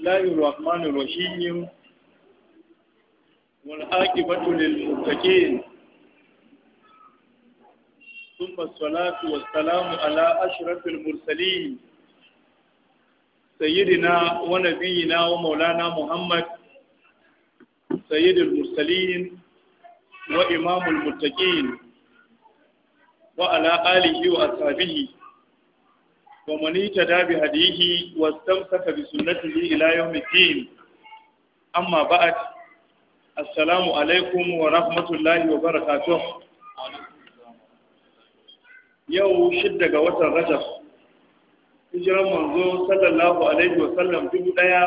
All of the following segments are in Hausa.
الله الرحمن الرحيم والعاقبة للمتقين ثم الصلاة والسلام على أشرف المرسلين سيدنا ونبينا ومولانا محمد سيد المرسلين وإمام المتقين وعلى آله وأصحابه ومن اهتدى بهديه واستمسك بسنته إلى يوم الدين أما بعد السلام عليكم ورحمة الله وبركاته yau shidda ga watan rajab hijiran manzo sallallahu alaihi wa sallam dubu daya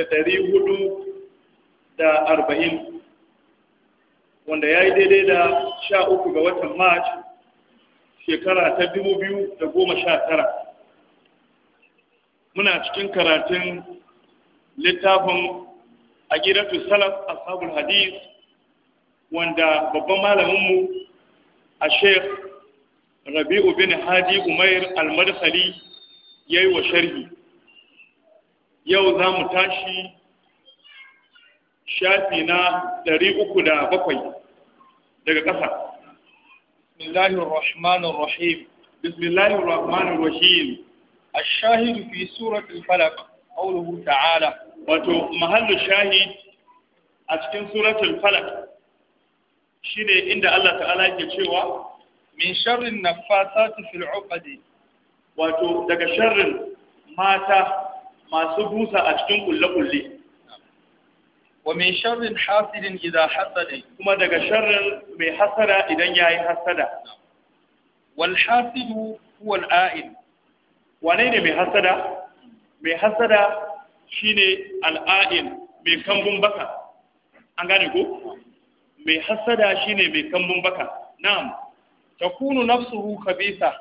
da ɗari hudu da arba'in wanda ya yi daidai da sha uku ga watan march shekara ta dubu biyu da goma sha tara muna cikin karatun littafin a gidatu salaf ashabul hadis wanda babban malaminmu a sheikh rabi'u bin hadi umair al ya yi wa sharhi yau za mu tashi shafi na uku da bakwai daga ƙasa بسم الله الرحمن الرحيم بسم الله الرحمن الرحيم الشاهد في سورة الفلق قوله تعالى wato mahallu shahid a cikin suratul falak shine inda Allah ta'ala yake cewa min sharrin nafasati fil uqadi wato daga sharrin mata masu busa a cikin kulle-kulle wa min sharrin hasidin idza hasada kuma daga sharrin mai hasada idan yayi hasada wal hasidu huwa al a'il wane ne mai hasada mai hasada shine al a'il mai kambun baka an gane ko mai hasada shine mai kambun baka na'am takunu nafsuhu khabisa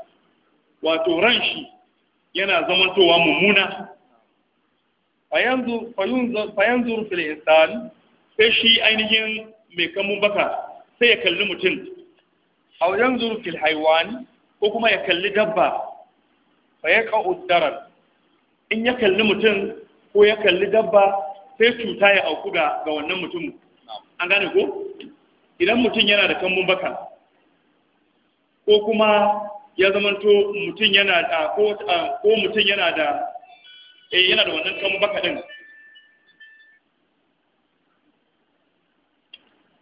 wato ran shi yana zamantowa mummuna fayanzur fil insan sai shi ainihin mai kamun baka sai ya kalli mutum aw yanzur fil haywan ko kuma ya kalli dabba fa yaqa'u darar in ya kalli mutum ko ya kalli dabba sai cuta ya auku ga wannan mutum an gane ko idan mutum yana da kambun baka ko kuma ya zamanto mutum yana da ko ah, mutum yana da eh yana da wannan kan baka din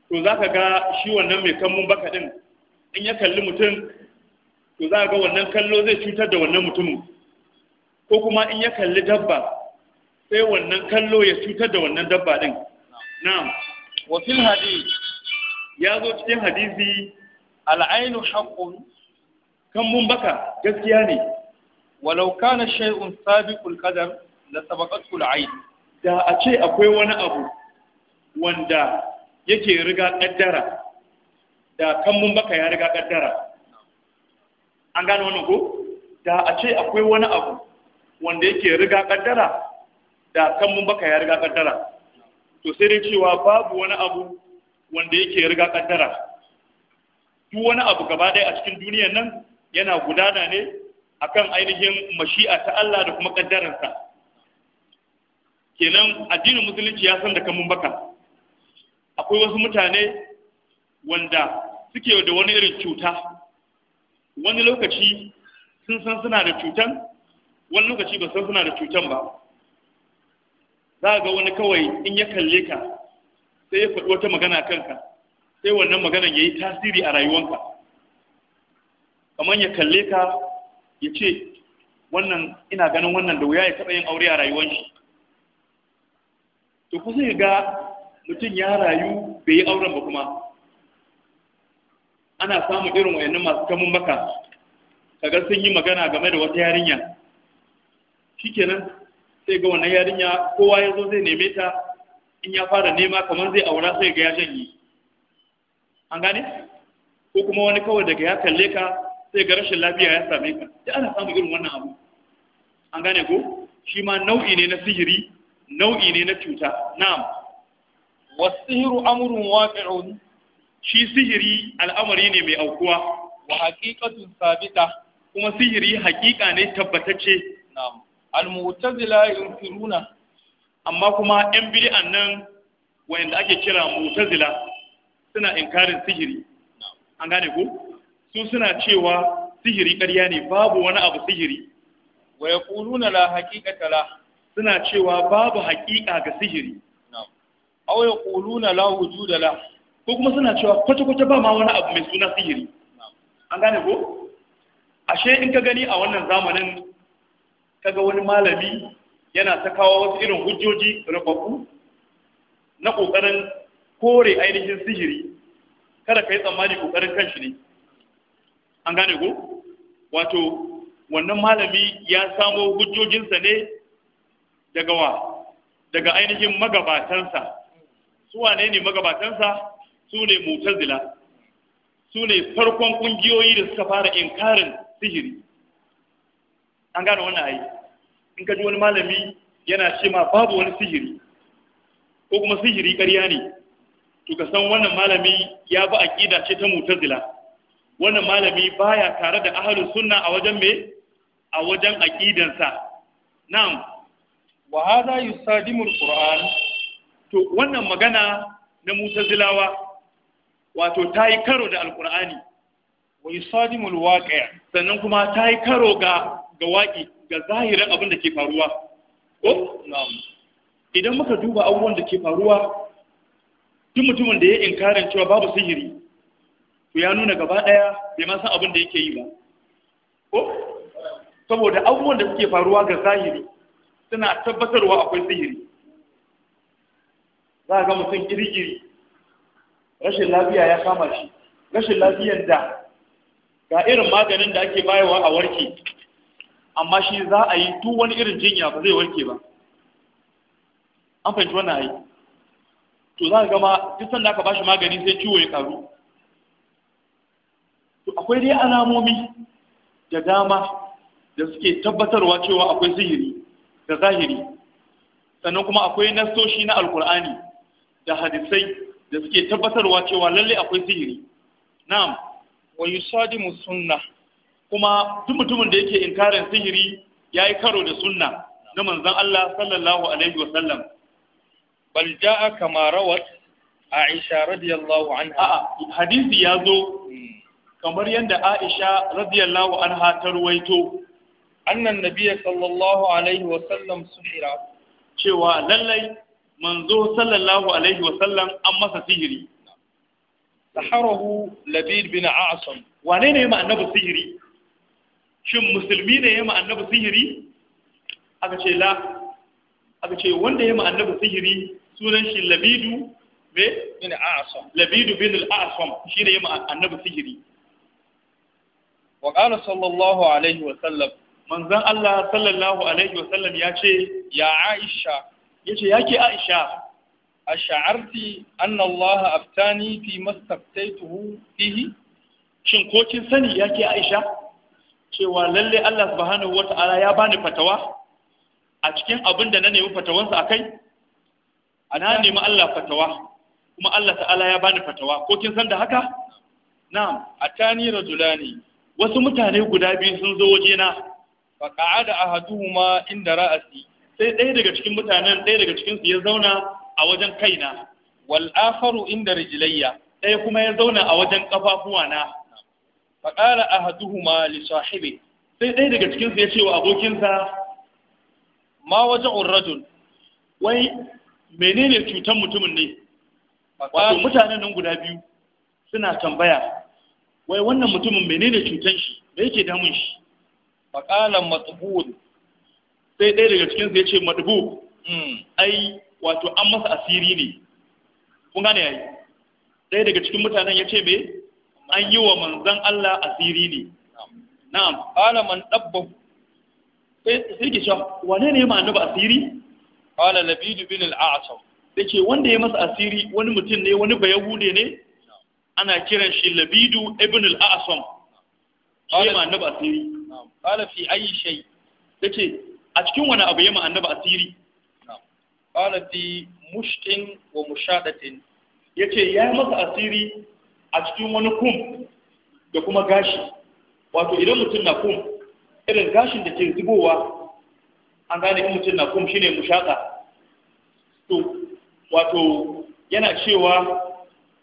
to za ka ga shi wannan mai kan baka din in ya kalli mutum to za ga wannan kallo zai cutar da wannan mutumin ko kuma in ya kalli dabba sai wannan kallo ya cutar da wannan dabba din na'am wa fil hadith ya zo cikin hadisi al'ainu haqqun kan mun baka gaskiya ne walau kana shay'un sabiqul qadar la sabaqatul ayn da a ce akwai wani abu wanda yake riga kaddara da kan mun baka ya riga kaddara an gano wannan ko da a ce akwai wani abu wanda yake riga kaddara da kan mun baka ya riga kaddara to sai dai cewa babu wani abu wanda yake riga kaddara duk wani abu gaba ɗaya a cikin duniyar nan yana gudana ne akan ainihin mashi'a ta Allah da kuma kaddaransa kenan addinin musulunci ya san da kamun baka akwai wasu mutane wanda suke da wani irin cuta wani lokaci sun san suna da cutan wani lokaci ba san suna da cutan ba za ga wani kawai in ya kalle ka sai ya faɗi wata magana kanka sai wannan maganar ya yi tasiri a rayuwanka kamar ya kalle ka ya ce wannan ina ganin wannan da wuya ya taɓa yin aure a rayuwar shi to ku sai ga mutum ya rayu bai yi auren ba kuma ana samun irin wayannan masu kamun maka kaga sun yi magana game da wata yarinya shikenan sai ga wannan yarinya kowa ya zo zai neme ta in ya fara nema kamar zai aura sai ga ya janye an gane ko kuma wani kawai daga ya kalle ka sai ga rashin lafiya ya same ka da ana samun irin wannan abu an gane ko shi ma nau'i ne na sihiri nau'i ne na cuta na'am wasihiru amrun waqi'un shi sihiri al'amari ne mai aukuwa wa haqiqatun sabita kuma sihiri haqiqa ne tabbatacce na'am al-mu'tazila yunkiruna amma kuma yan bid'an nan wanda ake kira mu'tazila suna inkarin sihiri an gane ko su suna cewa sihiri ƙarya ne babu wani abu sihiri wa yaquluna la haqiqata la suna cewa babu haƙiƙa ga sihiri aw yaquluna la da la ko kuma suna cewa kwace-kwace ba ma wani abu mai suna sihiri an gane ko ashe in ka gani a wannan zamanin kaga wani malami yana ta kawo wasu irin hujjoji rubabu na ƙoƙarin kore ainihin sihiri kada ka yi tsammani ƙoƙarin kanshi ne an gane ko wato wannan malami ya samo hujjojinsa ne daga wa daga ainihin magabatansa su wane ne magabatansa su ne mutazila su ne farkon kungiyoyi da suka fara inkarin sihiri an gane wannan ayi in ka ji wani malami yana ce ma babu wani sihiri ko kuma sihiri ƙarya ne to ka san wannan malami ya bi aƙida ce ta mutazila wannan malami baya tare da ahlus sunna a wajen me a wajen aqidansa na'am wa hada yusadimu alquran to wannan magana na mutazilawa wato tayi karo da alqur'ani wa yusadimu alwaqi' sannan kuma tayi karo ga ga waki ga zahirin abin da ke faruwa ko na'am idan muka duba abubuwan da ke faruwa tun mutumin da ya inkarin cewa babu sihiri ku ya nuna gaba ɗaya bai ma san abin da yake yi ba ko saboda abubuwan da suke faruwa ga zahiri suna tabbatarwa akwai sihiri za ga mutum iri rashin lafiya ya kama shi rashin lafiyar da ga irin maganin da ake bayarwa a warke amma shi za a yi duk wani irin jinya ba zai warke ba an fahimci wannan ayi to za a gama duk sanda aka bashi magani sai ciwo ya karu to akwai dai alamomi da dama da suke tabbatarwa cewa akwai sihiri da zahiri sannan kuma akwai nastoshi na alkur'ani da hadisai da suke tabbatarwa cewa lalle akwai zihiri na'am wa yusadimu sunna kuma duk mutumin da yake inkarin sihiri yayi karo da sunna na manzon Allah sallallahu alaihi wa sallam bal jaa kama rawat Aisha radiyallahu anha a'a hadisi zo. kamar yadda Aisha radiyallahu anha ta ruwaito annan nabiyya sallallahu alaihi wa sallam suhira cewa lallai manzo sallallahu alaihi wa sallam an masa sihiri saharahu labid bin a'sam wane ne ya annabi sihiri shin musulmi ne ya annabi sihiri aka ce la aka ce wanda ya annabi sihiri sunan shi labidu bin a'sam labidu bin al-a'sam shine ya annabi sihiri wa sallallahu alaihi wa sallam manzon Allah sallallahu alaihi wa sallam ya ce ya Aisha yace yake Aisha ash'arti anna Allah aftani fi mastaftaituhu shin ko kin sani yake Aisha cewa lalle Allah subhanahu wata'ala ya bani fatawa a cikin abin na nemi fatawansa akai ana nemi Allah fatawa kuma Allah ta'ala ya bani fatawa ko kin san da haka na'am atani wasu mutane guda biyu sun zo wajena fa qa'ada ahaduhuma inda ra'asi sai ɗaya daga cikin mutanen ɗaya daga cikin su ya zauna a wajen kaina wal akharu inda rijlayya ɗaya kuma ya zauna a wajen kafafuwana fa qala ahaduhuma li sahibi sai ɗaya daga cikin su ya ce wa abokinsa ma wajen urrajul wai menene cutan mutumin ne wato mutanen nan guda biyu suna tambaya wai wannan mutumin menene cutan shi da yake damun shi faƙalan matubul sai ɗaya daga cikinsu ya ce matubu hmm. ai wato an masa asiri ne kun gane yayi ɗaya daga cikin mutanen ya ce me an yi wa manzan Allah asiri ne na'am qala man dabba sai sai ke cewa wane ne ma annabi asiri qala labid bin al-a'sam yace wanda ya masa asiri wani mutum ne wani bayahude ne ana kiran shi labidu ibn al-asam shi ma annabi asiri qala fi ayi shay yace a cikin wani abu ma annabi asiri qala fi mushtin wa mushadatin yace ya masa asiri a cikin wani kum da kuma gashi wato idan mutum na kum irin gashin da ke zubowa an gane in mutum na kum shine mushaka to wato yana cewa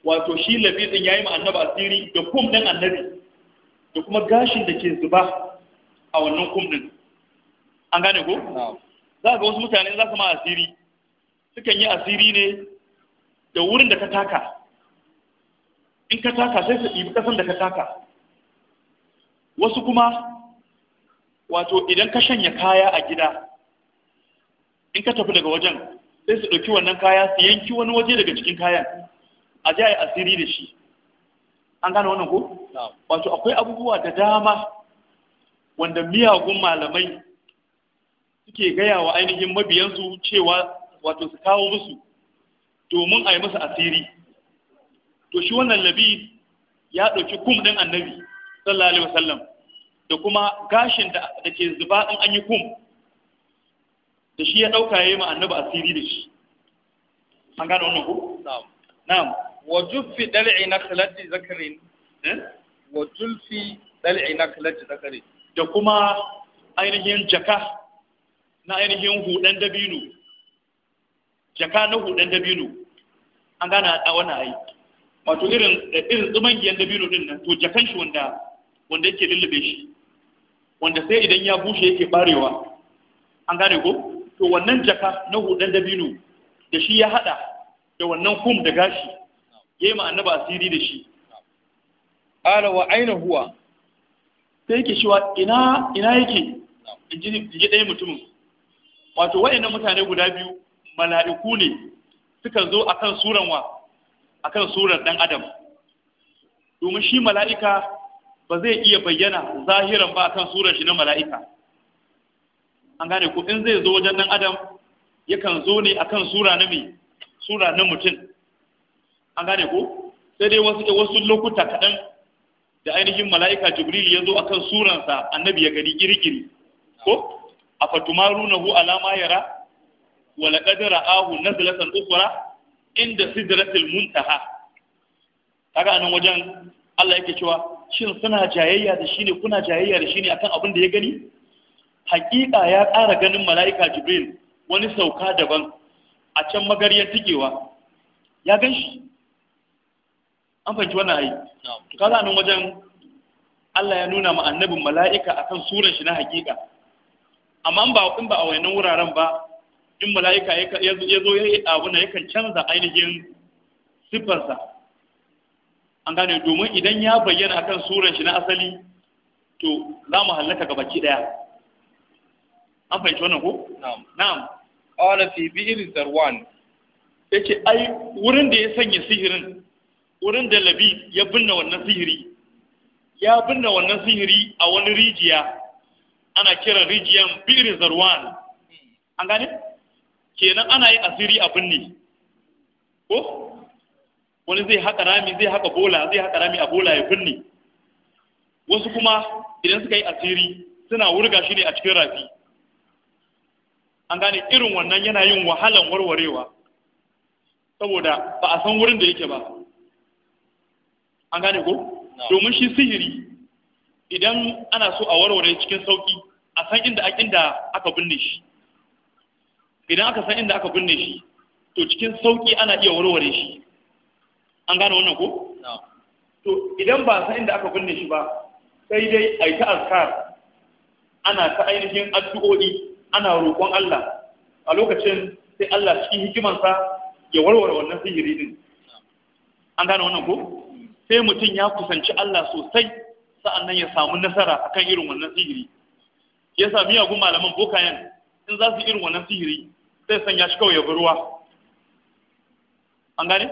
wato shi labisin ya yi ma annabi asiri da kum ɗin annabi da kuma gashin da ke zuba a wannan kum ɗin an gane ko za ga wasu mutane za su ma asiri sukan yi asiri ne da wurin da ka taka in ka taka sai su ɗibi ƙasan da ka taka wasu kuma wato idan ka shanya kaya a gida in ka tafi daga wajen sai su ɗauki wannan kaya su yanki wani waje daga cikin kayan a ji a asiri da shi an gane wannan ko wato akwai abubuwa da dama wanda miyagun malamai suke gaya wa ainihin mabiyansu cewa wato su kawo musu domin a yi musu asiri to shi wannan labi ya ɗauki kum ɗin annabi sallallahu alaihi wasallam da kuma gashin da ke zuba ɗin an yi kum da shi ya ɗauka ya yi ma annabi asiri da shi an gane wannan ko na'am wa juffi dal'i nakhlati zakarin wa julfi dal'i da kuma ainihin jaka na ainihin hudan dabino jaka na hudan dabino an gana a wani ayi wato irin irin tsumangiyan dabino din nan to jakan shi wanda wanda yake lullube shi wanda sai idan ya bushe yake barewa an gane ko to wannan jaka na hudan dabino da shi ya hada da wannan kum da gashi yayi ma annaba asiri da shi qala wa aina huwa sai yake cewa ina ina yake in ji ɗaya mutumin wato waɗannan mutane guda biyu mala'iku ne suka zo akan suran wa akan suran ɗan adam domin shi mala'ika ba zai iya bayyana zahiran ba akan suran shi na mala'ika an gane ko in zai zo wajen ɗan adam yakan zo ne akan sura na sura na mutum an gane ko sai dai wasu wasu lokuta kaɗan da ainihin mala'ika jibril ya zo akan suransa annabi ya gani kirkiri ko a fatumarunahu alama yara wa laqad ra'ahu nazlatan ukhra inda sidratil muntaha kaga anan wajen Allah yake cewa shin suna jayayya da shi ne kuna jayayya da shi ne akan abin da ya gani hakika ya ƙara ganin mala'ika jibril wani sauka daban a can magaryar tikewa ya ganshi. an fahimci wannan ayi to kaza nan wajen Allah ya nuna ma annabin mala'ika akan suran shi na hakika amma ba in ba a wayannan wuraren ba in mala'ika ya zo ya yi abu na yakan canza ainihin siffarsa an gane domin idan ya bayyana akan suran shi na asali to za mu halaka ga baki daya an fahimci wannan ko na'am qala fi bi'r zarwan yace ai wurin da ya sanya sihirin wurin da labid ya binne wannan sihiri ya binne wannan sihiri a wani rijiya ana kiran rijiyan biri zarwan an gane kenan ana yin asiri a binne ko wani zai haƙa rami zai haƙa bola zai haƙa rami a bola ya binne wasu kuma idan suka yi asiri suna wurga shi ne a cikin rafi an gane irin wannan yana yin wahalan warwarewa saboda ba a san wurin da yake ba an gane ko domin shi sihiri idan ana so a warware cikin sauki a san inda inda aka binne shi idan aka san inda aka binne shi to cikin sauki ana iya warware shi an gane wannan ko to idan ba san inda aka binne shi ba sai dai a yi ta azkar ana ta ainihin addu'o'i ana roƙon Allah a lokacin sai Allah cikin hikimansa ya warware wannan sihiri din an gane wannan ko sai mutum ya kusanci Allah sosai sa'annan ya samu nasara akan irin wannan sihiri ya sami yagun malaman bokayen in za su irin wannan sihiri sai sanya shi kawai ya bi ruwa an gane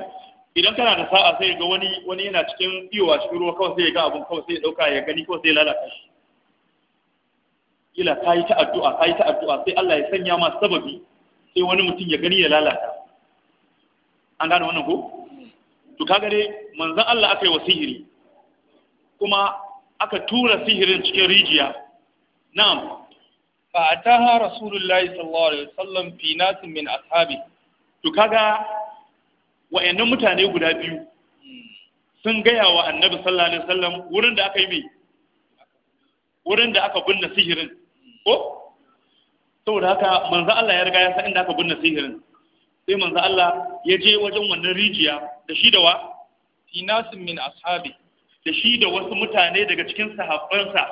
idan kana da sa'a sai ga wani wani yana cikin iyo a cikin ruwa kawai sai ya ga abun kawai sai ya dauka ya gani kawai sai ya lalata shi kila ka yi ta addu'a ka yi ta addu'a sai Allah ya sanya ma sababi sai wani mutum ya gani ya lalata an gane wannan ko to kaga dai manzon Allah aka yi wa sihiri kuma aka tura sihirin cikin rijiya na'am fa ataha rasulullahi sallallahu alaihi wasallam fi nasin min ashabi to kaga wayannan mutane guda biyu sun gaya wa annabi sallallahu alaihi wasallam wurin da aka yi mai wurin da aka binne sihirin ko saboda haka manzo Allah ya riga ya san inda aka binne sihirin sai manzo Allah ya je wajen wannan rijiya da shi da wa inasin min ashabi da shi da wasu mutane daga cikin sahabbansa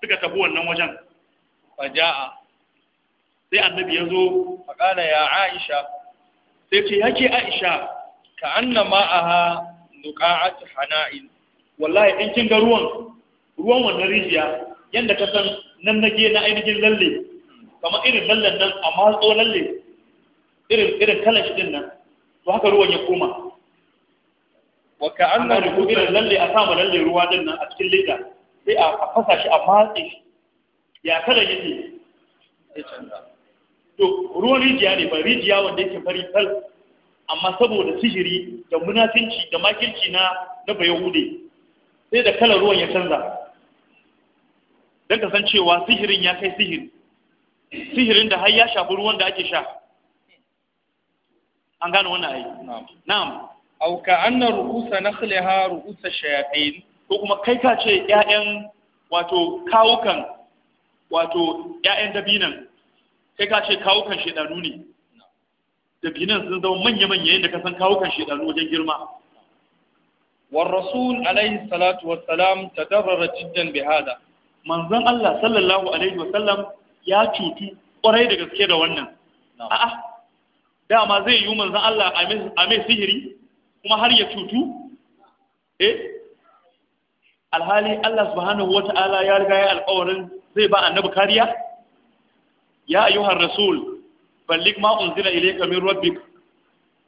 suka tafi wannan wajen faja'a sai annabi ya zo kala ya aisha sai ce yake aisha ka anna ma'aha nuqa'at hana'il wallahi in kin ga ruwan ruwan wannan rijiya yanda ka san nan nage na ainihin lalle kamar irin lallen nan a matso lalle irin irin kalan nan to haka ruwan ya koma Wakka, ka an na lalle a sama lalle ruwa din nan a cikin leda sai a fasa shi a matse shi ya kada yi ne. to ruwan rijiya ne ba rijiya wanda yake fari sal amma saboda sihiri da munafinci da makilci na na bayahude sai da kalar ruwan ya canza don ka san cewa sihirin ya kai sihiri sihirin da har ya shafi ruwan da ake sha an gano wannan ayi na'am aw ka anna ru'usa nakhliha ru'usa shayatin ko kuma kai ka ce 'ya'yan wato kawukan wato ƴaƴan dabinan kai ka ce kawukan shedanu ne dabinan sun zama manya-manya yadda ka san kawukan shedanu wajen girma والرسول عليه الصلاة والسلام تضرر جدا بهذا من ظن الله صلى الله عليه وسلم يا تشوتو ƙwarai da gaske da wannan a'a dama zai yi manzan Allah a mai sihiri kuma har ya cutu eh alhali Allah subhanahu wata'ala ya riga ya alƙawarin zai ba annabi kariya ya ayyuhar rasul balligh ma unzila ilayka min rabbik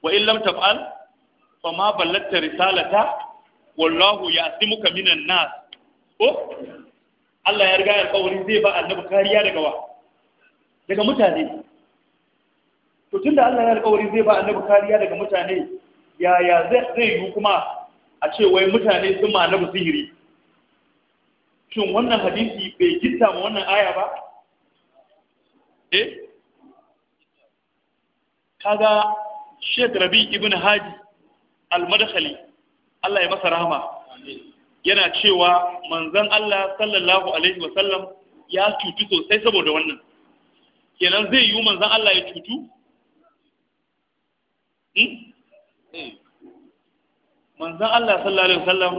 wa in lam taf'al fa ma ballagta risalata wallahu ya'simuka minan nas ko Allah ya riga ya alƙawarin zai ba annabi kariya daga wa daga mutane to tunda Allah ya alƙawarin zai ba annabi kariya daga mutane yaya zai yi kuma a ce wai mutane sun ma na sihiri shin wannan hadisi bai gita ma wannan aya ba eh kaga Sheikh Rabi ibn Hadi al-Madkhali Allah ya masa rahama yana cewa manzon Allah sallallahu alaihi wa sallam ya cutu sosai saboda wannan kenan zai yi manzon Allah ya cutu hmm? manzan Allah sallallahu alaihi wasallam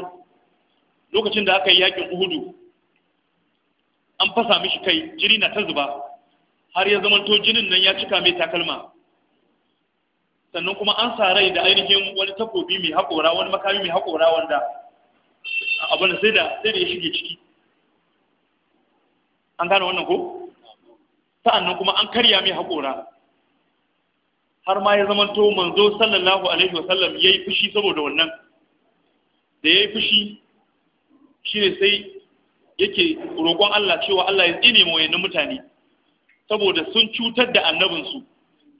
lokacin da aka yi yakin Uhudu an fasa mishi kai jiri na ta zuba har ya zamanto jinin nan ya cika mai takalma sannan kuma an sa rai da ainihin wani takobi mai haƙora wani makami mai haƙora wanda abin sai da sai da ya shige ciki an gane wannan ko sa'annan kuma an karya mai haƙora har ma ya to manzo sallallahu alaihi wa ya yi fushi saboda wannan da ya yi fushi shi ne sai yake roƙon Allah cewa Allah ya tsine mu wayannan mutane saboda sun cutar da annabinsu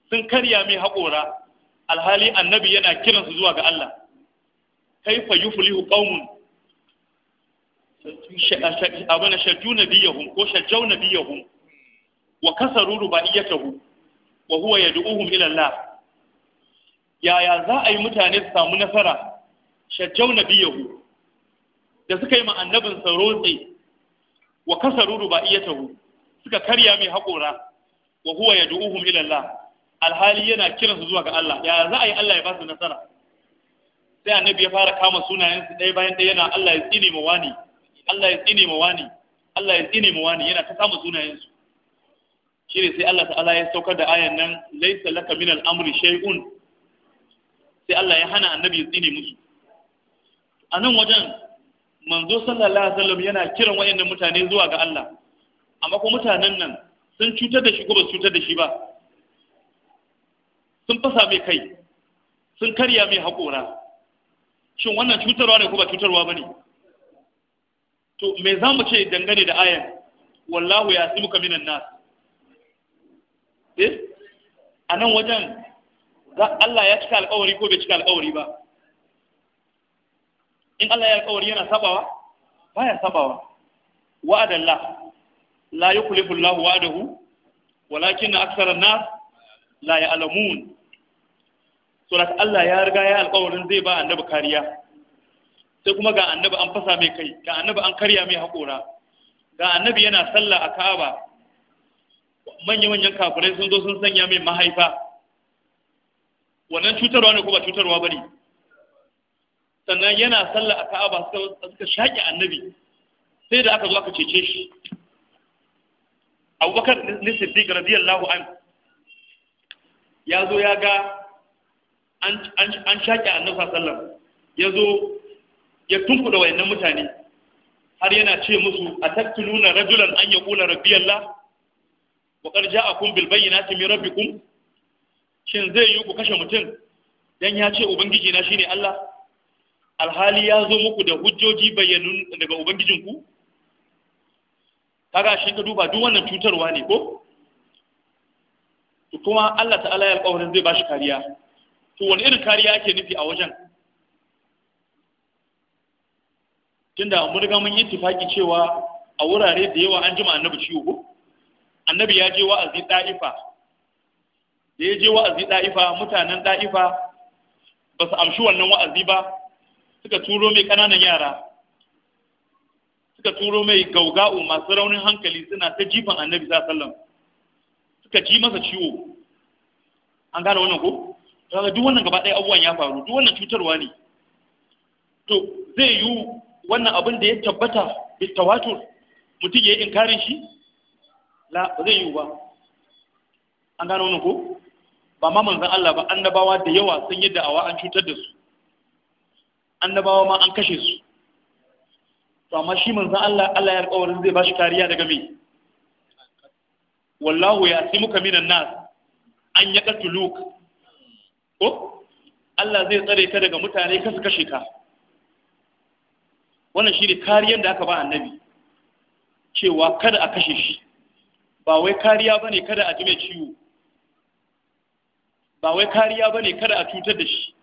sun karya mai haƙora alhali annabi yana kiransu zuwa ga Allah kaifa yuflihu qaumun abana shajju nabiyahum ko shajjau nabiyahum wa kasaru rubaiyatahum wa huwa yad'uhum ila Allah yaya za a yi mutane su samu nasara shajjau nabiyahu da suka yi ma annabin sa rotse wa kasaru rubaiyatahu suka karya mai haƙora wa huwa yad'uhum ila Allah alhali yana kiran su zuwa ga Allah ya za a yi Allah ya ba su nasara sai annabi ya fara kama sunayen su ɗaya bayan ɗaya yana Allah ya tsine mu wani Allah ya tsine mu wani Allah ya tsine mu wani yana ta samu sunayen su shine sai Allah ta'ala ya saukar da ayan nan laysa laka min al-amri shay'un sai Allah ya hana annabi ya tsine musu a nan wajen manzo sallallahu alaihi wasallam yana kiran wayannan mutane zuwa ga Allah amma ko mutanen nan sun cutar da shi ko ba su cutar da shi ba sun fasa mai kai sun karya mai haƙora shin wannan cutarwa ne ko ba cutarwa ba ne to me za mu ce dangane da ayan wallahu ya simuka minan nas eh a nan wajen Allah ya cika alƙawari ko bai cika alƙawari ba in Allah ya alƙawari yana sabawa baya sabawa wa'adallah la yukhlifu Allah wa'adahu walakin aksara nas la ya'lamun so da Allah ya riga ya alƙawarin zai ba annabi kariya sai kuma ga annabi an fasa mai kai ga annabi an karya mai haƙora ga annabi yana sallah a Ka'aba manya-manyan kafirai sun zo sun sanya mai mahaifa wannan cutarwa ne ko ba cutarwa ba ne sannan yana sallah a ka'aba suka shaƙi annabi sai da aka zo aka cece shi abubakar ne siddiq radiyallahu an ya zo ya ga an shaƙi annabi sallam ya zo ya da wayannan mutane har yana ce musu a tattuluna rajulan an ya ƙula rabbiyallah wa ja ja'akum bil bayyinati min rabbikum shin zai yi ku kashe mutum dan ya ce ubangiji na shine Allah alhali ya zo muku da hujjoji bayyanun daga ubangijinku kaga shi ka duba duk wannan cutarwa ne ko kuma Allah ta'ala ya alƙawari zai bashi kariya to wani irin kariya ake nufi a wajen tunda mun riga mun yi tufaki cewa a wurare da yawa an jima annabi ciwo ko annabi ya je wa'azi da'ifa da ya je wa'azi ɗa'ifa mutanen da'ifa ba su amshi wannan wa'azi ba suka turo mai ƙananan yara suka turo mai gauga'u masu raunin hankali suna ta jifan annabi sallam suka ji masa ciwo an gane wannan ko kaga duk wannan gaba ɗaya abubuwan ya faru duk wannan cutarwa ne to zai yi wannan abin da ya tabbata bitawatur mutum ya yi inkarin shi la ba zai yiwu ba an gano wani ko ba ma manzan Allah ba annabawa da yawa sun yi da'awa an cutar da su annabawa ma an kashe su to amma shi manzan Allah Allah ya alƙawarin zai ba shi kariya daga me wallahu ya muka minan nas an ya luk ko Allah zai tsare ka daga mutane ka su kashe ka wannan shi ne kariyar da aka ba annabi cewa kada a kashe shi ba wai kariya ba ne kada a ji mai ciwo ba wai kariya ba ne kada a cutar da shi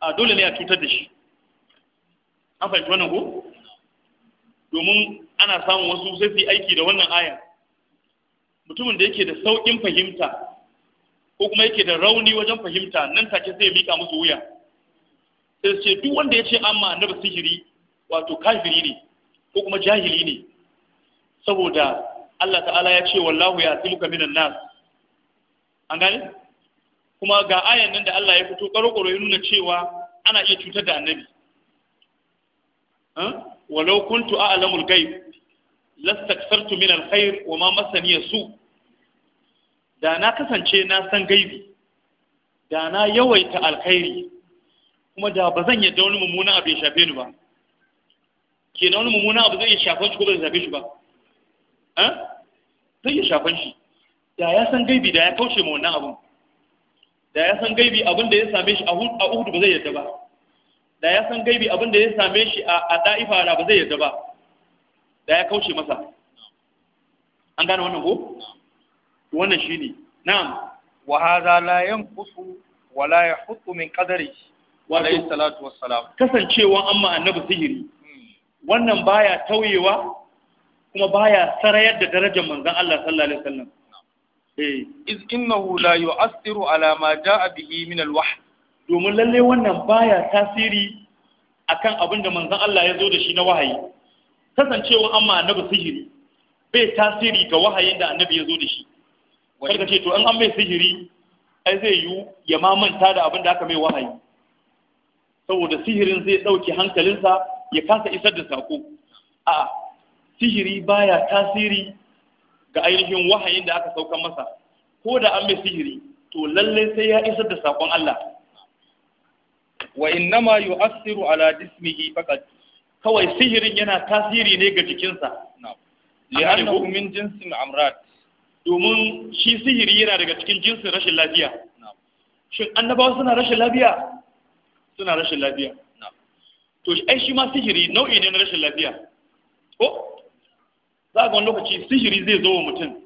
a dole ne a cutar da shi an fahimci wannan ko domin ana samun wasu sai su aiki da wannan aya mutumin da yake da sauƙin fahimta ko kuma yake da rauni wajen fahimta nan take sai ya mika musu wuya sai su ce duk wanda ya ce amma annabi sihiri wato kafiri ne ko kuma jahili ne saboda Allah ta'ala ya ce wallahu ya tiluka minan nas an gani. kuma ga ayan nan da Allah ya fito karokoro ya nuna cewa ana iya cutar da annabi walau kuntu a'lamul ghaib lastakthartu min alkhair wa ma massani yasu da na kasance na san gaibi da na yawaita alkhairi kuma da ba zan yadda wani mummuna abu ya shafe ni ba kenan wani mummuna abu zai iya shafe shi ko bai shafe shi ba Ta eh? iya shafan shi da ya san gaibi da ya kauce ma wannan abun da ya san gaibi abin da ya same shi a uhudu ba zai yarda ba da ya san gaibi abin da ya same shi a Da'ifa ba zai yarda ba da ya kauce masa an gane wannan ko wannan shi ne. na'am wa hadha la yanqusu wa la yahuttu min qadari alayhi salatu wassalam kasancewa amma annabi sihiri hmm. wannan baya tauyewa kuma baya sarayar da darajar manzon Allah sallallahu alaihi wasallam eh iz innahu la yu'assiru ala ma ja'a bihi min al-wahyi domin lalle wannan baya tasiri akan abin da manzon Allah ya zo da shi na wahayi kasancewa amma annabi sihiri bai tasiri ga wahayin da annabi ya zo da shi karka ce to an an mai sihiri ai zai yi ya ma manta da abin da aka mai wahayi saboda sihirin zai ɗauke hankalinsa ya kasa isar da sako a sihiri baya tasiri ga ainihin wahayin da aka saukan masa ko da an mai sihiri to lalle sai ya isar da sakon Allah wa innama yu'assiru ala jismihi faqat kawai sihirin yana tasiri ne ga jikinsa li'annahu min jinsin amrad domin shi sihiri yana daga cikin jinsin rashin lafiya shin annabawa suna rashin lafiya suna rashin lafiya to ai shi ma sihiri nau'i ne na rashin lafiya ko za ga wani lokaci sihiri zai zo wa mutum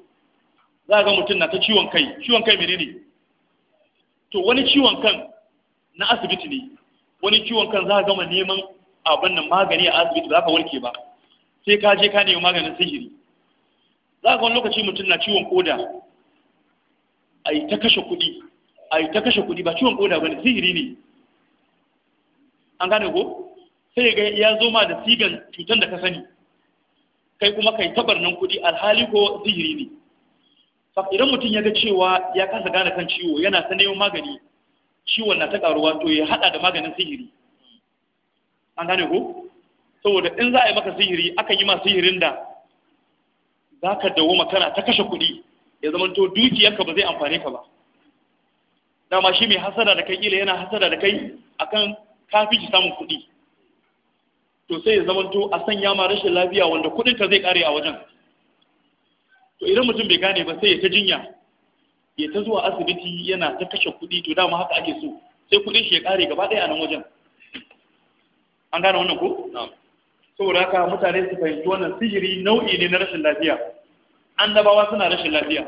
za ga mutum na ta ciwon kai ciwon kai menene to wani ciwon kan na asibiti ne wani ciwon kan za gama neman abin nan magani a asibiti ba ka warke ba sai ka je ka nemi maganin sihiri za ga wani lokaci mutum na ciwon koda a yi ta kashe kuɗi a yi ta kashe kuɗi ba ciwon koda ba sihiri ne an gane ko sai ga ya zo ma da sigan cutar da ka sani kai kuma kai tabarnin kuɗi alhali ko zihiri ne idan mutum ya ga cewa ya kasa gane kan ciwo yana ta neman magani ciwon na ta karuwa to ya hada da maganin sihiri an gane ko saboda in za a yi maka sihiri aka yi ma sihirin da za ka dawo kana ta kashe kuɗi ya zama to dukiyarka ba zai amfane ka ba dama shi mai hasada da kai Ila yana hasada da kai akan kafi shi samun kuɗi to sai ya zamanto a sanya ma rashin lafiya wanda kudin zai kare a wajen to idan mutum bai gane ba sai ya ta jinya ya ta zuwa asibiti yana ta kashe kudi to dama haka ake so sai kudin shi ya kare gaba ɗaya a nan wajen an gane wannan ko saboda haka mutane su fahimci wannan sihiri nau'i ne na rashin lafiya annabawa suna rashin lafiya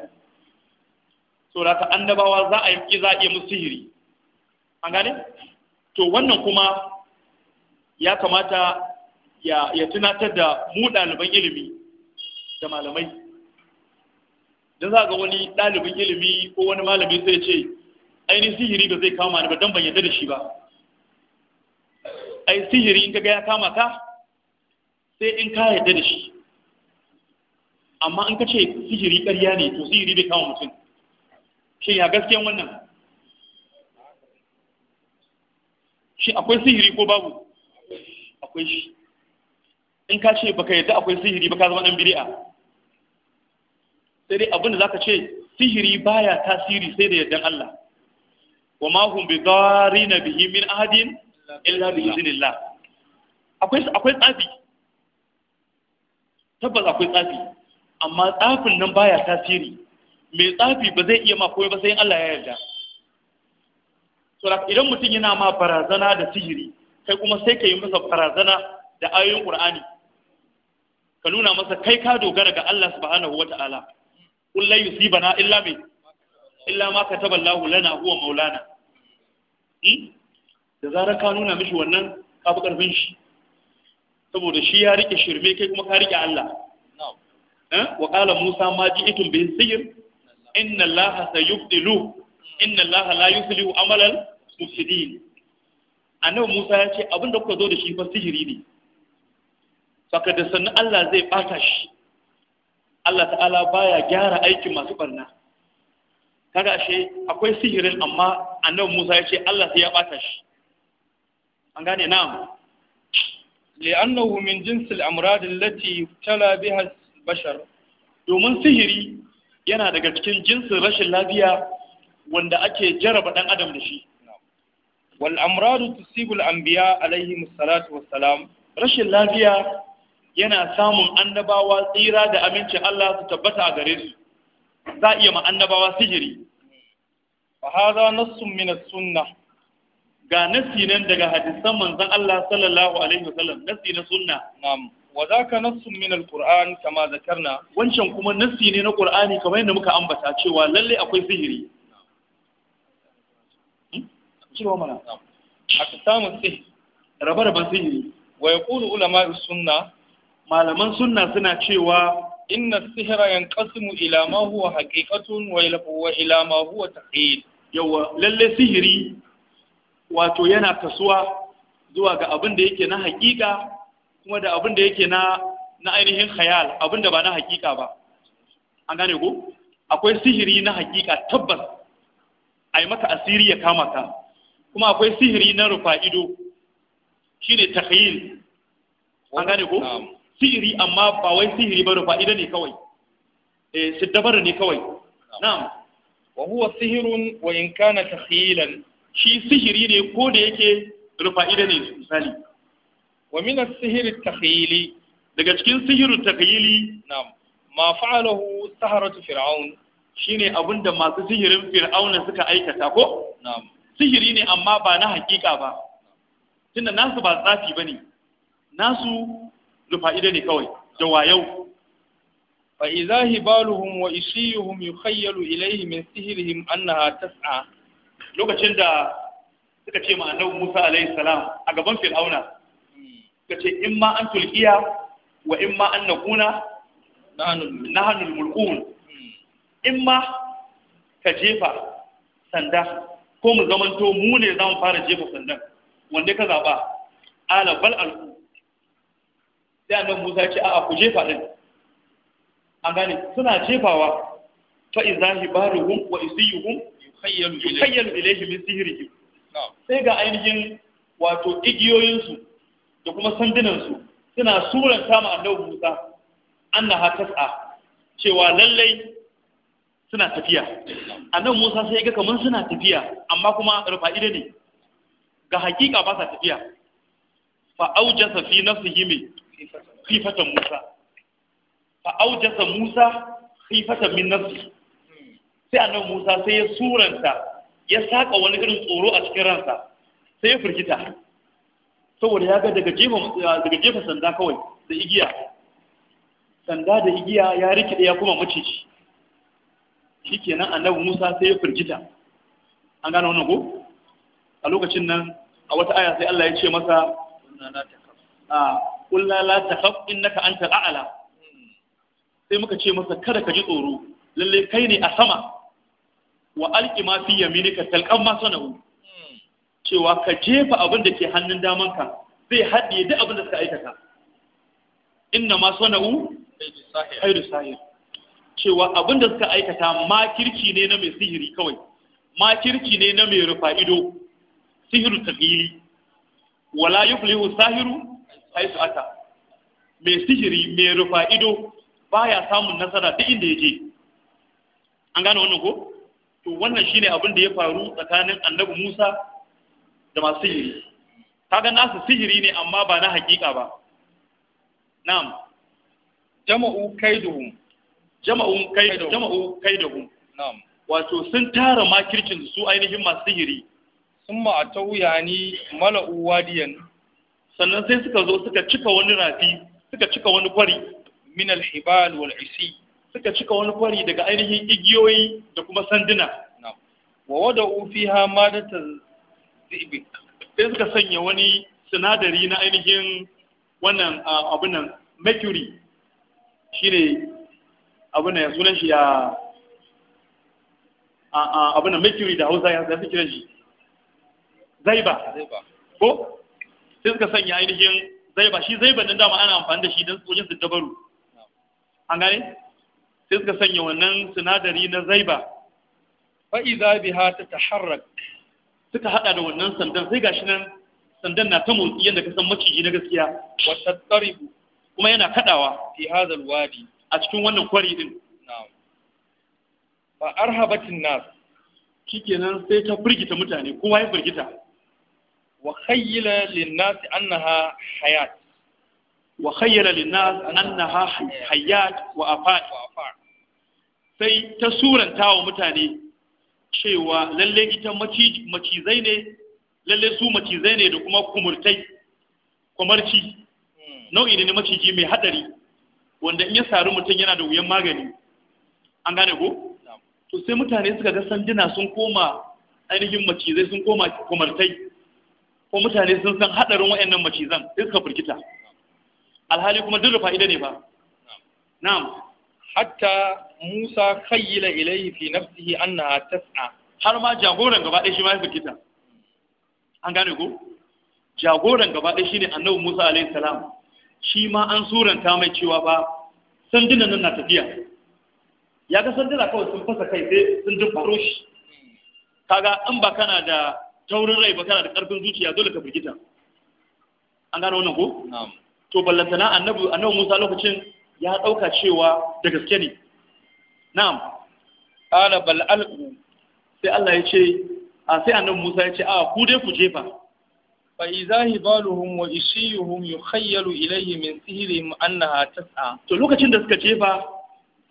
saboda haka annabawa za a yi za a yi musu sihiri an gane to wannan kuma ya kamata ya tunatar da mu ɗaliban ilimi da malamai don za ga wani ɗaliban ilimi ko wani malami sai ce ainihin sihiri ba zai kama ni ba don ban yadda da shi ba ai sihiri in kaga ya kama ka sai in ka yadda da shi amma in ka ce sihiri ƙarya ne to sihiri bai kama mutum shi ya gaskiyan wannan shi akwai sihiri ko babu akwai shi in ka ce baka yadda akwai sihiri ba ka zama dan bid'a sai dai abin da zaka ce sihiri baya tasiri sai da yardan Allah wa ma hum bi darina bihi min ahadin illa bi iznillah akwai akwai tsafi tabbas akwai tsafi amma tsafin nan baya tasiri mai tsafi ba zai iya ma komai ba sai in Allah ya yarda so idan mutum yana ma barazana da sihiri kai kuma sai ka yi masa barazana da ayoyin Qur'ani ka nuna masa kai ka dogara ga Allah subhanahu wata'ala qul la yusibana illa mai. illa ma kataba Allah lana huwa maulana hmm? da zarar ka nuna mishi wannan ka ƙarfin shi saboda shi ya riƙe shirme kai kuma ka rike Allah eh? wa qala Musa ma ji'tum bihi sihir inna Allah sayubdilu inna Allah la yuslihu amalan mufsidin annabi Musa ya ce abinda kuka zo da shi fa sihiri ne saka da sannu Allah zai ɓata shi Allah ta'ala baya gyara aikin masu barna kaga ashe akwai sihirin amma annabi Musa ya ce Allah sai ya ɓata shi an gane na'am li'annahu min jinsil amrad allati tala biha bashar domin sihiri yana daga cikin jinsin rashin lafiya wanda ake jaraba ɗan adam da shi wal amradu tusibul anbiya alaihi salatu wassalam rashin lafiya yana samun annabawa tsira da amincin Allah su tabbata a gare su za iya ma annabawa sihiri fa haza nassun min as ga nassi nan daga hadisan manzon Allah sallallahu alaihi wasallam nassi na sunna na'am wa zaka nassun min al-qur'an kama zakarna wancan kuma nassi ne na qur'ani kamar yadda muka ambata cewa lalle akwai sihiri hmm? cewa mana a samu sihiri rabe-raben sihiri wa yaqulu ulama as-sunnah malaman sunna suna cewa inna sihra yanqasimu ila ma huwa haqiqatun wa ila ma huwa taqid yawa lalle sihiri wato yana kasuwa zuwa ga abin da yake na haƙiƙa kuma da abin da yake na na ainihin khayal abin da ba na haƙiƙa ba an gane ko akwai sihiri na haƙiƙa tabbas a yi maka asiri ya kama ka kuma akwai sihiri na rufa ido shine takhayil an gane ko sihiri amma ba wai sihiri ba rufa ida ne kawai eh siddabara ne kawai na'am wa huwa sihirun wa in kana takhilan shi sihiri ne ko da yake rufa ida ne misali wa min as-sihr at daga cikin sihirin takhyili na'am ma fa'alahu saharatu fir'aun shine abinda masu sihirin fir'auna suka aikata ko na'am sihiri ne amma ba na hakika ba tunda nasu ba tsafi bane nasu duk fa'ida ne kawai da wayau fa idza hibaluhum wa ishiyuhum yukhayyalu ilayhi min sihrihim annaha tas'a lokacin da suka ce ma annabi Musa alaihi salam a gaban Fir'auna suka ce in ma an tulqiya wa in ma an nakuna nahnu mulkun in ma ka jefa sanda ko mu zamanto mu ne za mu fara jefa sandan wanda ka zaba ala bal alku sai annabi Musa ya ce a'a ku jefa din an gane suna jefawa fa izahi baruhum wa isiyuhum yukhayyalu ilayhi min sihrihim sai ga ainihin wato igiyoyinsu da kuma sandunansu suna suranta ma annabi Musa annaha tas'a cewa lallai suna tafiya annabi Musa sai ga kaman suna tafiya amma kuma rufa'ida ne ga hakika ba sa tafiya fa aujasa fi nafsihi khifatan Musa fa aujasa Musa khifatan min nafsi sai annabi Musa sai ya suranta ya saka wani irin tsoro a cikin ransa sai ya firgita saboda ya ga daga jefa daga jefa sanda kawai da igiya sanda da igiya ya rikide ya kuma maciji shikenan annabi Musa sai ya firgita an gano wannan ko a lokacin nan a wata aya sai Allah ya ce masa a qulna la takhaf innaka antal a'la sai muka ce masa kada ka ji tsoro lalle kai ne a sama wa alqi ma fi yaminika talqan ma sanahu cewa ka jefa abin da ke hannun damanka zai haɗiye duk abin da suka aikata inna ma sanahu khairu sahir cewa abin da suka aikata makirci ne na mai sihiri kawai makirci ne na mai rufa ido sihiru taqili wala yuflihu sahiru haisu ata mai sihiri mai rufa ido baya samun nasara duk inda yake an gane wannan ko to wannan shine abin da ya faru tsakanin annabi Musa da masu sihiri ga nasu sihiri ne amma ba na hakika ba na'am jama'u kaiduhum jama'u kaiduhum jama'u kaiduhum na'am wato sun tara makircin su ainihin masu sihiri sun ma'atau yani mala'u wadiyan sannan sai suka zo suka cika wani rafi suka cika wani kwari min al-hibal wal isi suka cika wani kwari daga ainihin igiyoyi da kuma sanduna wa wada'u fiha madatan zibi sai suka sanya wani sinadari na ainihin wannan abu nan mercury shine abu nan sunan shi ya abu nan mercury da Hausa ya zai kiran shi zaiba ko sai suka sanya ainihin zai ba, shi zai nan dama ana amfani da shi don wajen su dabaru an gane sai suka sanya wannan sinadari na zaiba fa idza ta tataharrak suka hada da wannan sandan sai gashi nan sandan na ta motsi yadda ka san maciji na gaskiya wa tattaribu kuma yana kadawa fi hadha wadi a cikin wannan kwari din Ba fa arhabatin nas nan sai ta firgita mutane kowa ya firgita وخيل للناس linnas annaha hayat للناس khayyala linnas annaha hayat wa sai ta suranta wa mutane cewa lalle ita macizai ne lalle su macizai ne da kuma kumurtai kumarci nau'i ne maciji mai hadari wanda in ya sari mutum yana da wuyan magani an gane ko to sai mutane suka ga sanduna sun koma ainihin macizai sun koma kumartai ko mutane sun san hadarin wayannan macizan sai suka firgita alhali kuma duk da fa'ida ne ba na'am hatta Musa khayyila ilayhi fi nafsihi annaha tas'a har ma jagoran gaba ɗaya shi ma ya firgita an gane ko jagoran gaba ɗaya shine annabi Musa alaihi salam shi ma an suranta mai cewa ba sandunan nan na tafiya ya ga sanduna kawai sun fasa kai sai sun dubaro shi kaga in ba kana da taurin rai ba kana da karfin zuciya dole ka firgita an gano wannan ko to ballantana annabi annabi Musa lokacin ya dauka cewa da gaske ne na'am qala bal alqu sai Allah ya ce a sai annabi Musa ya ce a ku dai ku jefa fa iza hibaluhum wa ishiyuhum yukhayyalu ilayhi min sihrihim annaha tas'a to lokacin da suka jefa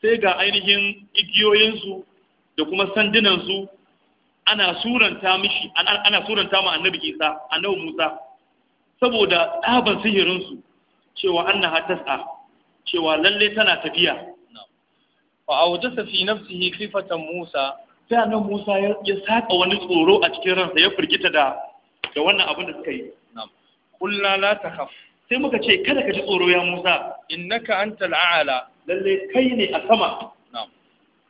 sai ga ainihin igiyoyinsu da kuma sandunansu ana suranta mishi ana suranta ma annabi Isa annabi Musa saboda tsaban sihirinsu. cewa annaha tas'a cewa lalle tana tafiya fa awjasa fi nafsihi khifatan Musa sai annabi Musa ya saka wani tsoro a cikin ransa ya firgita da da wannan abin da suka yi kullu la takhaf sai muka ce kada ka ji tsoro ya Musa innaka antal a'la lalle kai ne a sama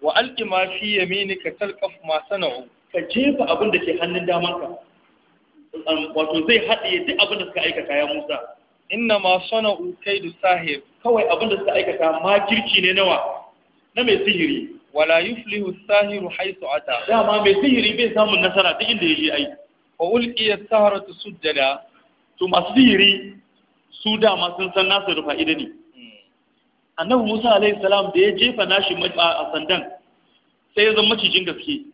wa alqi ma fi yaminika talqaf ma sana'u ka jefa abin da ke hannun damanka wato zai haɗe duk abin da suka aikata ya Musa inna ma ukai da sahib kawai abin da suka aikata makirci ne nawa na mai sihiri wala yuflihu sahiru haisu ata dama mai sihiri bai samun nasara duk inda ya je ai wa ulqiya saharatu sujjada to masu sihiri su dama sun san nasu rufa ida ne hmm. annabi Musa alaihi salam da ya jefa nashi a sandan sai ya zama macijin gaske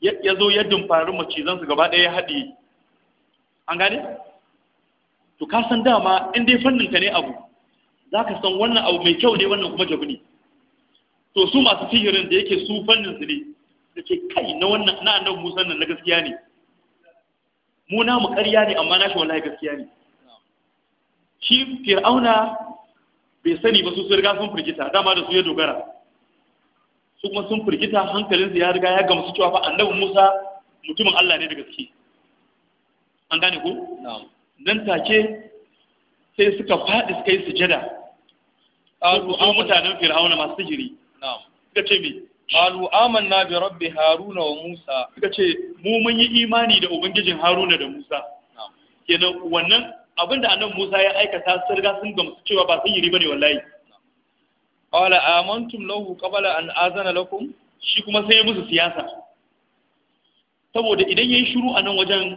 ya zo ya dumfari macizansu gaba ɗaya ya haɗe an gane to ka san dama in dai fannin ka ne abu za ka san wannan abu mai kyau ne wannan kuma jabu ne to su masu sihirin da yake su fannin su ne da ke kai na wannan na annabi musan nan na gaskiya ne mu na mu ƙarya ne amma nashi wallahi gaskiya ne shi fir'auna bai sani ba su sun riga sun firgita dama da su ya dogara su kuma sun firgita hankalinsu ya riga ya gamsu cewa fa annabi Musa mutumin Allah ne da gaske an gane ko dan take sai suka faɗi suka yi sujada qalu a mutanen fir'auna masu sihiri na'am suka ce me qalu amanna bi rabbi haruna wa musa suka ce mu mun yi imani da ubangijin haruna da musa kenan wannan abinda annabi Musa ya aikata sun riga sun gamsu cewa ba sihiri bane wallahi qala amantum lahu qabla an azana lakum shi kuma sai musu siyasa saboda idan yayi shiru a nan wajen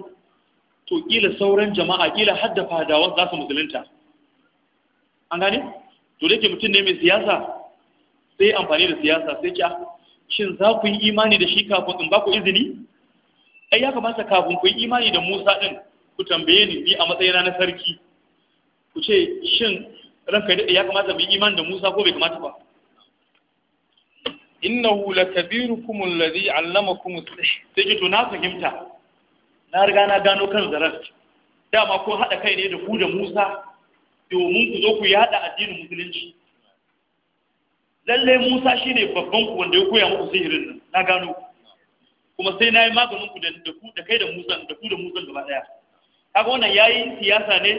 to kila sauran jama'a kila hadda fadawa za su musulunta an gane to da ke mutum ne mai siyasa sai amfani da siyasa sai kya ah, shin za ku yi imani da shi kafin in ba ku izini ai ya kamata kafin ku yi imani da Musa din ku tambaye ni ni a matsayina na sarki ku ce shin ranka daɗe ya kamata mu yi da Musa ko bai kamata ba hula innahu lakabirukum alladhi allamakum as-sihr sai ki to na fahimta na riga na gano kan zarar dama ko haɗa kai ne da ku da Musa domin ku zo ku yaɗa addinin musulunci lallai Musa shine babban ku wanda ya koya muku sihirin nan na gano kuma sai na yi maganin ku da ku da kai da Musa da ku da Musa gaba daya Haka wannan ya yi siyasa ne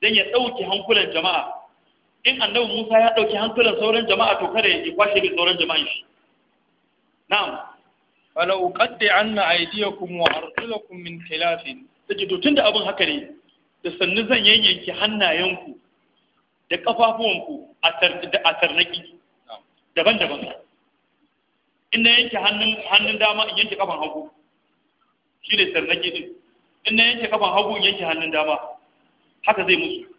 don ya dauke hankulan jama'a in annabi Musa ya dauki hankalin sauran jama'a to kada ya kwashe da sauran jama'an shi na'am wala uqaddi anna aydiyakum wa arjulakum min khilafin take to tunda abin haka ne da sannu zan yanyanki hannayenku da kafafuwanku a tarnaki daban-daban in na yanke hannun dama in yanke kafan hagu shi ne tarnaki din in na yanke kafan hagu in yanke hannun dama haka zai musu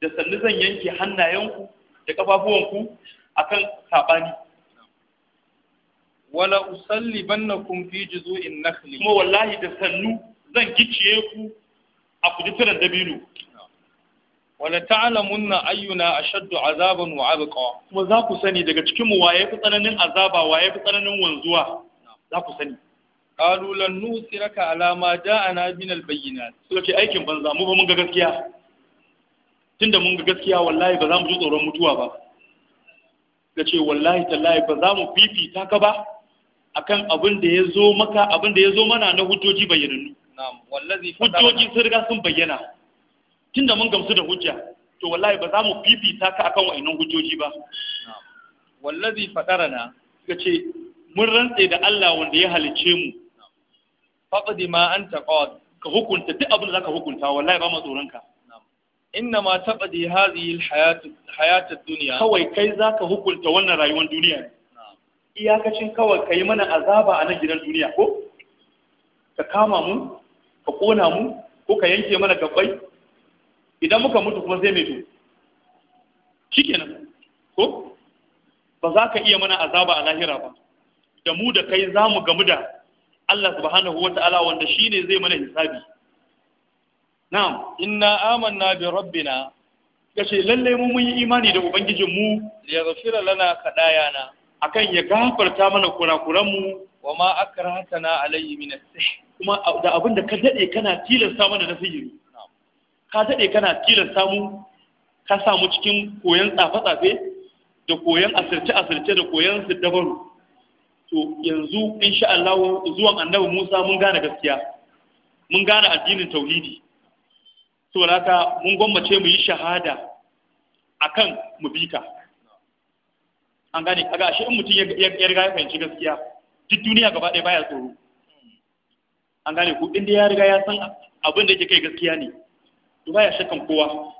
da sannu zan yanke hannayenku da kafafuwanku kan saɓani. wala usalli kun fi juzu'in nakli. kuma wallahi da sannu zan gicciye ku a dabinu. dabino wala ta'lamunna ayyuna a shaddu azaban wa abuƙawa. kuma za ku sani daga cikin mu waye fi tsananin azaba waye fi tsananin wanzuwa za ku sani qalu lan nusiraka alama da'ana min suka ce aikin banza mu ba mun ga gaskiya tunda mun ga gaskiya wallahi ba za mu ji tsoron mutuwa ba Ga ce wallahi tallahi ba za mu fifita ka ba akan abin da ya zo maka abin da ya zo mana na hujjoji bayyanannu hujjoji sun riga sun bayyana tunda mun gamsu da hujja to wallahi ba za mu fifita ka akan wa'annan hujjoji ba wallazi fadarana Ga ce mun rantse da Allah wanda ya halice mu faqdi ma anta qad ka hukunta duk abin da zaka hukunta wallahi ba mu tsoron ka inna ma taqdi da alhayat hayatar duniya. kawai kai za ka hukunta wannan rayuwar duniya ne iyakacin kawai ka yi mana azaba a nan gidan duniya ko ka kama mu ka kona mu ko ka yanke mana gabbai idan muka mutu kuma zai mai to shikenan ko ba za ka iya mana azaba a lahira ba da mu da kai za mu gamu da Allah subhanahu wa ta'ala wanda shi ne zai mana hisabi na'am inna amanna bi rabbina kace lalle mu mun yi imani da ubangijin mu ya zafira lana na. akan ya gafarta mana kurakuran mu wa ma akrahatana alayhi min as-sihr kuma da abin da ka dade kana tilasta mana na sihiri ka dade kana tilasta mu ka sa mu cikin koyon tsafe-tsafe da koyon asirce-asirce da koyon siddabaru to yanzu insha Allah zuwan annabi Musa mun gane gaskiya mun gane addinin tauhidi saboda mun gwammace mu yi shahada akan mu bi ka an gane kaga ashe in mutum ya riga ya fahimci gaskiya duk duniya gaba ɗaya baya tsoro an gane ku inda ya riga ya san abin da yake kai gaskiya ne to baya shakkan kowa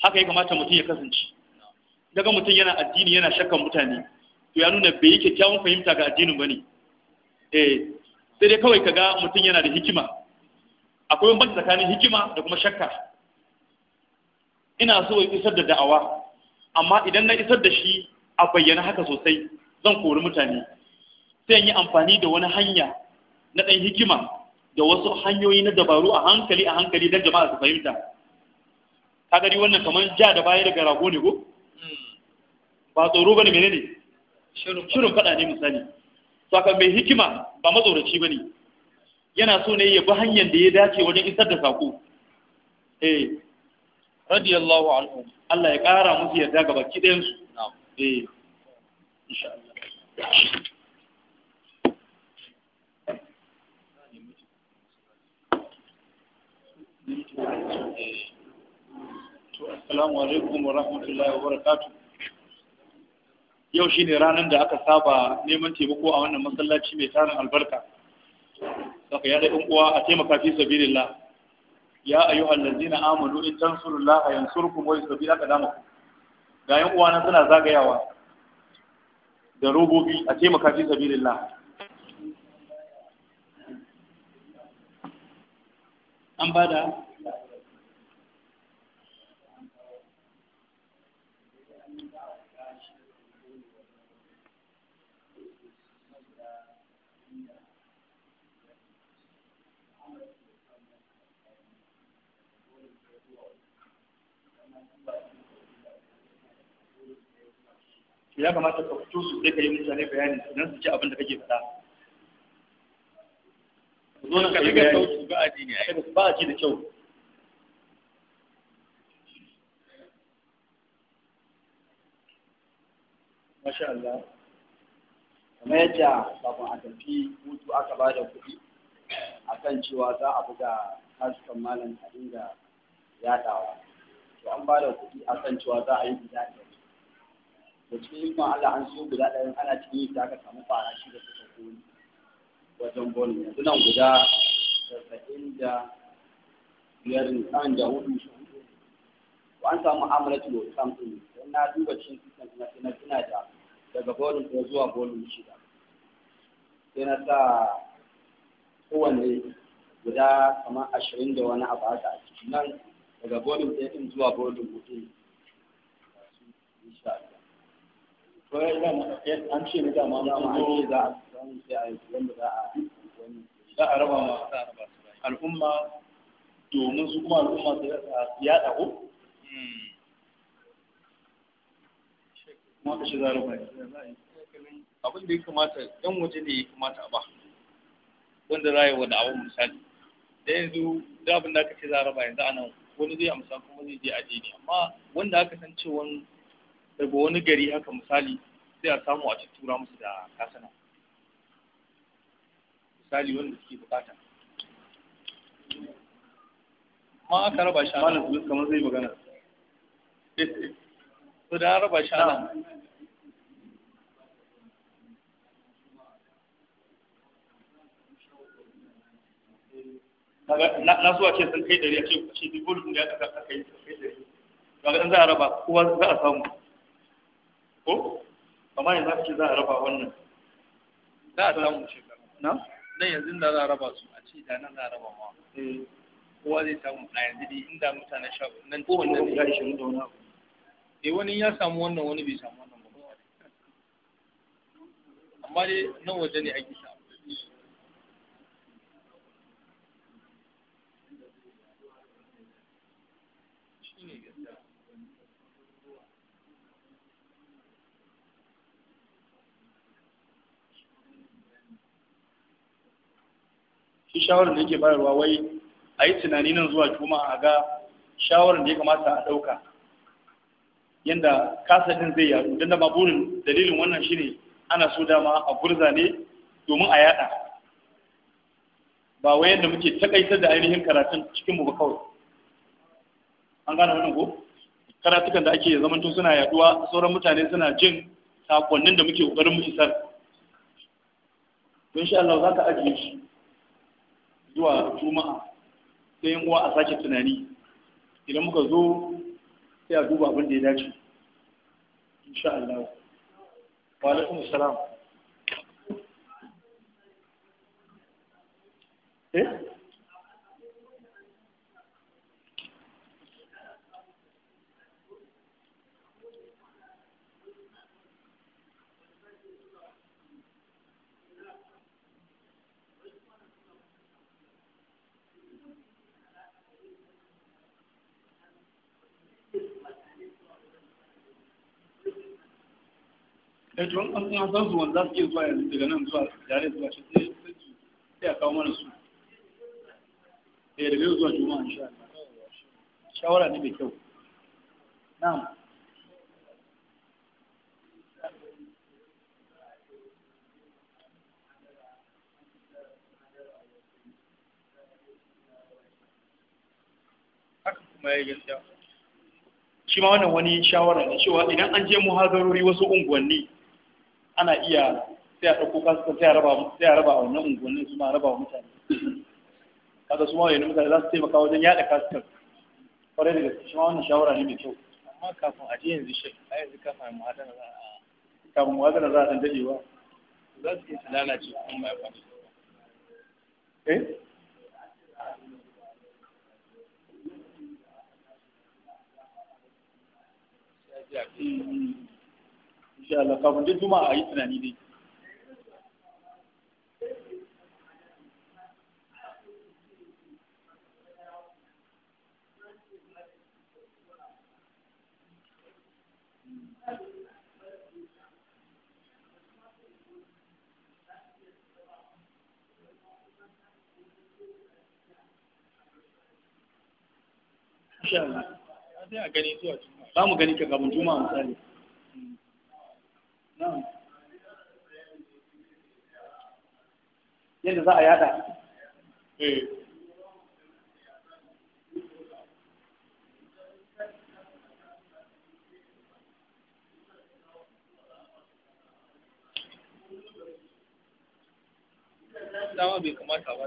haka ya kamata mutum ya kasance daga mutum yana addini yana shakkan mutane to ya nuna bai yi kyakkyawan fahimta ga addinin ne eh sai dai kawai kaga mutum yana da hikima akwai bambanci tsakanin hikima da kuma shakka ina so in isar da da'awa amma idan na isar da shi a bayyana haka sosai zan kori mutane sai yi amfani da wani hanya na ɗan hikima da wasu hanyoyi na dabaru a hankali a hankali don jama'a su fahimta ka gani wannan kamar ja da baya daga rago ne ko hmm. ba tsoro ba ne menene shirin faɗa ne misali saka mai hikima ba matsoraci ba ne. yana so ne ya bi hanyar da ya dace wajen isar da sako eh radiyallahu anhu Allah ya kara musu yarda ga baki ɗayan su eh insha Allah to assalamu alaikum wa rahmatullahi wa barakatuh yau shine ranar da aka saba neman taimako a wannan masallaci mai tarin albarka Daga ya dai uwa a taimaka fi sabilillah ya ayu allazina amanu in tansurullaha yansurkum wa yusabbil aqdamakum ga yan uwa nan suna zagayawa da robobi a taimaka fi sabilillah an bada ya kamata ka fito su sai ka yi mutane bayani don su ci abin da kake fita zo na kaji ga sauki ba a ji ne ba a ji da kyau masha Allah kamar yadda kafin a tafi hutu aka ba da kuɗi a kan cewa za a buga hasken malam a dinga yaɗawa to an ba da kuɗi a kan cewa za a yi gida ɗaya da cikin Allah an siyo guda ɗaya ana cikin yi ta aka samu fara shi da suka koyi wajen bonu yanzu nan guda casa'in da biyar an da hudu ko an samu amalatu da sam ne don na duba cikin sistem na sai da daga bolin ko zuwa bolin shida sai na sa kowane guda kamar ashirin da wani abu haka a ciki nan daga bolin ɗaya ɗin zuwa bolin hudu an ce na dama za mu za a samu sai a yi wanda za a za a raba ma al'umma domin su kuma al'umma su yada ko kuma ka za a raba rufa abin da ya kamata ɗan waje ne ya kamata a ba wanda za a yi wa abin misali da yanzu da abin da aka ce za a raba yanzu a nan wani zai amsa kuma zai je a je ne amma wanda aka san cewa daga wani gari haka misali sai a samu a tura musu da kasana misali wanda suke bukata ma aka raba shi ana su kamar zai magana su da raba shi ana na zuwa ce sun kai dari a ce dubu da aka kai dari to ga ɗan za a raba kowa za a samu ko amma yanzu aka za a raba wannan za a samu shekaru na nan yanzu da za a raba su a ce da nan za a raba ma eh. kowa zai samu a yanzu dai inda mutane sha nan kowanne ne ya ishirin da wani abu eh wani ya samu wannan wani bai samu wannan ba amma dai nan waje ne ake samu shawarar da yake bayarwa wai a yi tunani nan zuwa juma'a a ga shawarar da ya kamata a ɗauka yadda kasadin zai yadu don da burin dalilin wannan shine ana so dama a gurza ne domin a yada ba wai yadda muke takaitar da ainihin karatun cikin mu ba kawai an gane wannan ko karatukan da ake zamanto suna yaduwa sauran mutane suna jin sakonnin da muke kokarin mu isar don sha Allah za ka ajiye shi zuwa juma'a sai yan uwa a sake tunani idan muka zo sai a duba abin da ya dace insha Allah wa alaikum assalam eh eh to an san san su wanda suke zuwa yanzu daga nan zuwa jare zuwa shi sai sai a kawo mana su eh daga yau zuwa juma'a insha Allah shawara ne mai kyau na'am kuma ya gaskiya shi ma wannan wani shawara ne cewa idan an je muhazarori wasu unguwanni ana iya sai a ɗauko kasuwa sai a raba sai a raba a wannan unguwannin su ma raba wa mutane kaga su ma wani mutane za su taimaka wajen yaɗa kasuwar kwarai da gaske shi ma wannan shawara ne mai kyau amma kafin a je yanzu shi a yanzu kafin mu hadana za a kafin mu hadana za a dan dadewa za su iya su lalace kuma ya kwanci eh Yeah. insha Allah kafin duk juma'a a yi tunani dai Za mu gani ka kafin juma'a misali. yadda za a yada eh. dama bai kamata ba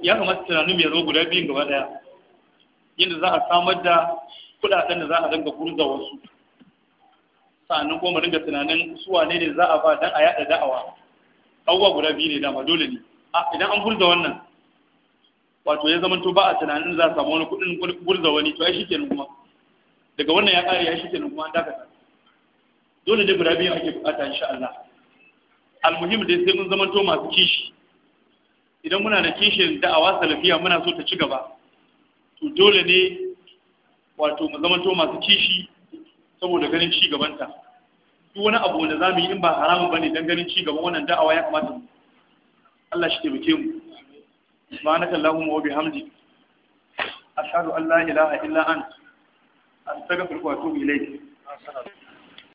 ya kamata tunanin ya zo guda biyun gaba daya yadda za a samar da kudaden da za a dinga gurza wasu sannan kuma dinga tunanin su ne ne za a ba dan a yada da'awa abubuwa guda biyu ne dama dole ne a idan an gurza wannan wato ya zama to ba a tunanin za a samu wani kudin gurza wani to ai shikenan kuma daga wannan ya kare ya shikenan kuma an dakata dole ne guda biyu ake bukata insha Allah almuhim dai sai mun zamanto masu kishi idan muna da kishin da'awa salafiya muna so ta ci gaba to dole ne wato mu zamanto masu kishi saboda ganin ci gabanta duk wani abu wanda zamu yi in ba haramu bane dan ganin ci gaban wannan da'awa ya kamata mu Allah shi taimake mu subhanaka allahumma wa bihamdi ashhadu an la ilaha illa anta astaghfiruka wa atubu ilayk